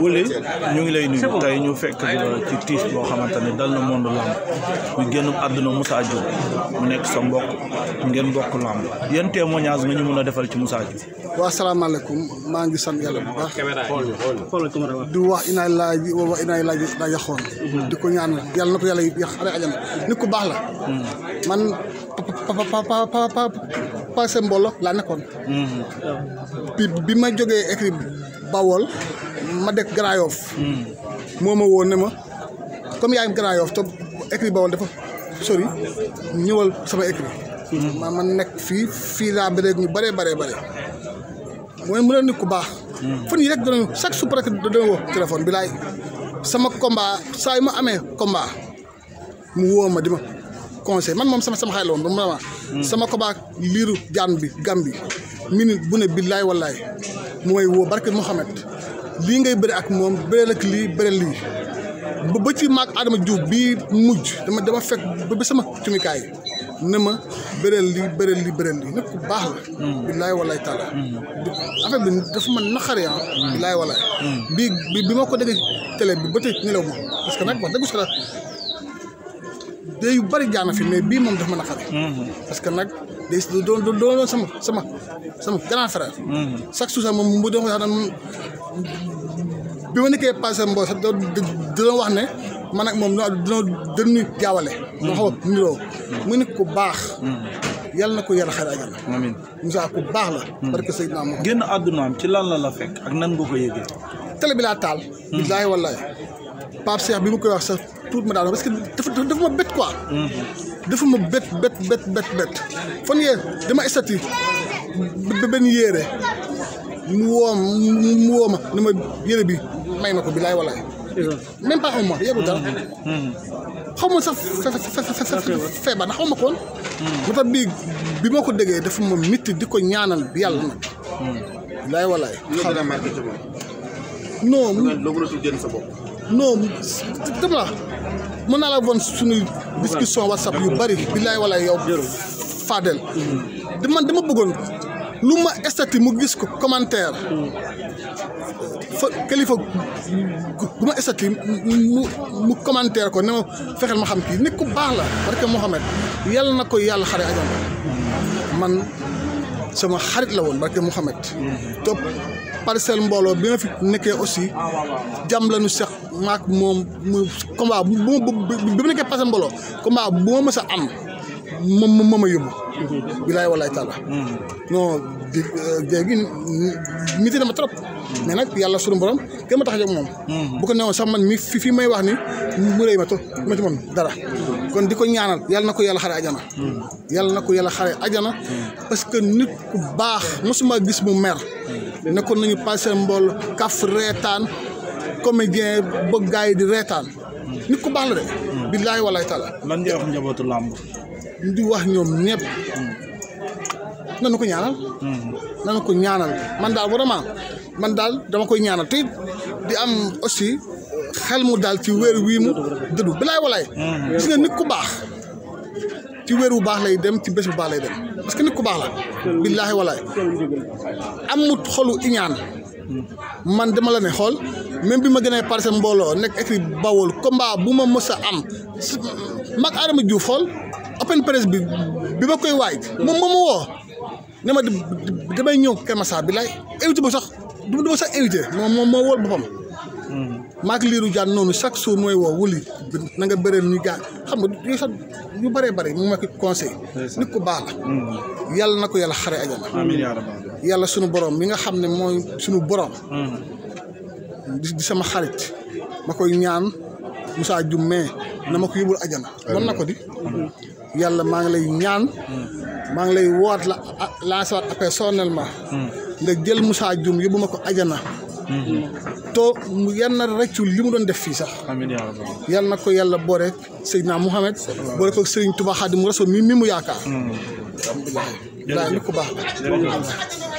Wuli ñu ngi lay nuyu tey ñu fekk ci tiis boo xamante ne dal na monde làmb mu génn àdduna Moussa Diouf mu nekk sa mbokk ngeen mbokk làmb yan témoignage nga ñu mën a defal ci Moussa Diouf. waaw salaamaaleykum maa ngi sant yàlla bu baax. di wax inaa laaj bi wa inaa laaj bi daa yaxoon di ko ñaan yàlla na ko yàlla xare ajana nit ku baax la. Hmm. man pa pa passé mboolo laa nekkoon. bi bi ma jógee écrit Bawol ma dëkk Grand Yoff. moo ma woo ne ma comme yaa ngi Grand Yoff écrit Bawol dafa sori ñëwal sama écrit. ma ma nekk fii fii laa bëreeg ñu bëree bëree bëri. mooy mën a nit ku baax. fan yii rek danañu chaque suba rek danañu woo téléphone bi laay sama combat saa yu ma amee combat mu woo di ma. conseil man moom sama sama xay la woon ba vraiment hmm. sama kobaak liiru jaan bi gam bi minute bu ne billaay wallaay mooy woo barke Mouhamed lii ngay bëri ak moom bëreel ak lii bëreel lii ba ci maag Adama Diouf bii mujj dama dama fekk ba sama cumikaay ne ma bëreel lii bëreel lii bëreel lii baax la hmm. billaay wallaay taala hmm. affaire bi dafa ma naqari ah billaay wallaay bi bi ma ko déggee télé bi ba tey nelaw ma parce que nag wax dëgg day yu bëri jaana fi mais bii moom dafa ma naqari mhm. parce que nag day doon doon sama sama sama grand frère mhm. chaque moom mu doon wax daan bi ma nekkee passé mbool sax doon wax ne man ak moom dina dënnu jaawale moo mhm. xaw a mu nekk ku baax yàlla na ko yàlla xare a amiin Moussa ku baax la parce que Seydina moom génn àddunaam ci lan la la fekk ak nan nga ko yëgee télé bi laa taal billaahi wallaahi Pape Cheikh bi mu koy wax sax tuut ma daal parce que dafa dafa ma bett quoi. dafa ma bett bett bett bett bett fan dama estati benn yére mu woo mu wow ma ne ma yére bi may ma ko bilaay walaay. même pas un mois yeggu dara. xaw ma sax feebar na xaw ma ko woon. moo tax bii bi moo ko déggee dafa ma mitti di ko ñaanal yàlla nag. bilaay walaay. xam sa bopp. non tam la mën naa la woon suñuy discussion whatsapp yu bari billaay wala yow Fadel man dama bëggoon lu ma estati mu gis ko commentaire fa kilifa gu ma estati mu mu ko ne ma fexeel ma xam kii nit ku baax la barke Mohamed yàlla na ko yàlla xare ajam man sama xarit la woon barke Mohamed topp parcelle mbooloo bi ma fi nekkee aussi jàmm lañu seq maak moom mu combat bu ma bi bu nekkee passé mbooloo combat bu ma mës a am moom moom a yóbbu. bilaay walaay taala. non di euh, léegi nit na ma trop. mais nag yàlla sunu borom kenn ma tax a moom. bu ko newoon sax man mi fii fii may wax ni mu rëy ma trop ma moom dara. kon di ko ñaanal yàlla na ko yàlla xare ajana. yàlla na ko yàlla xare ajana. parce que nit ku baax mosuma gis mu mer. nekkoon nañu passé mbool kaf reetaan. comédien bëgg gars yi di reetaan nit ku baax la de. Hmm. billaay walaay taala. lan ngay wax njabootu làmb. di wax ñoom ñëpp. Hmm. nanu ko ñaanal. Hmm. nanu ko ñaanal man daal vraiment man daal dama koy ñaanal te di am aussi xel mu daal ci wér wii mu dëddu billaay walaay. gis nga nit ku baax. ci wér bu baax lay dem ci bés bu baax lay dem parce que nit ku baax la. billaahi walaay amut xolu iñaan man dama la ne xool même bi ma gën a parce mbooloo nekk écrit bawol combat bu ma mës a am mag Adama Diouf xool open press bi bi ma koy waaj moom moo ma woo ne ma damay ñëw Keur Massar bi laay invité ba sax du ma sax invité moom moom moo wol boppam maak liiru jaan noonu chaque jour mooy woo wuli na nga bëreel ñu gaa xam nga yooyu sax yu bëree bëri mu ma ko conseil nit ku baax la mm-hmm. yàlla na ko yàlla xare ajana yàlla sunu borom mi nga xam ne mooy sunu borom mm-hmm. di sama xarit ma koy ñaan Moussa Dioumé na ma ko yóbbul ajana man na ko di yàlla maa ngi lay ñaan mm-hmm. maa ngi lay woot la lancé waat personnellement nga jël Moussa Dioum yóbbu ma ko ajana to yal na rëccul li mu doon def fii sax yal na ko yàlla boore Seydina Mouhamed boore ko Serigne Touba Xaadimu Rasuul mi mi mu yaakaar. Hmm. alhamdulilah jërëjëf ko baax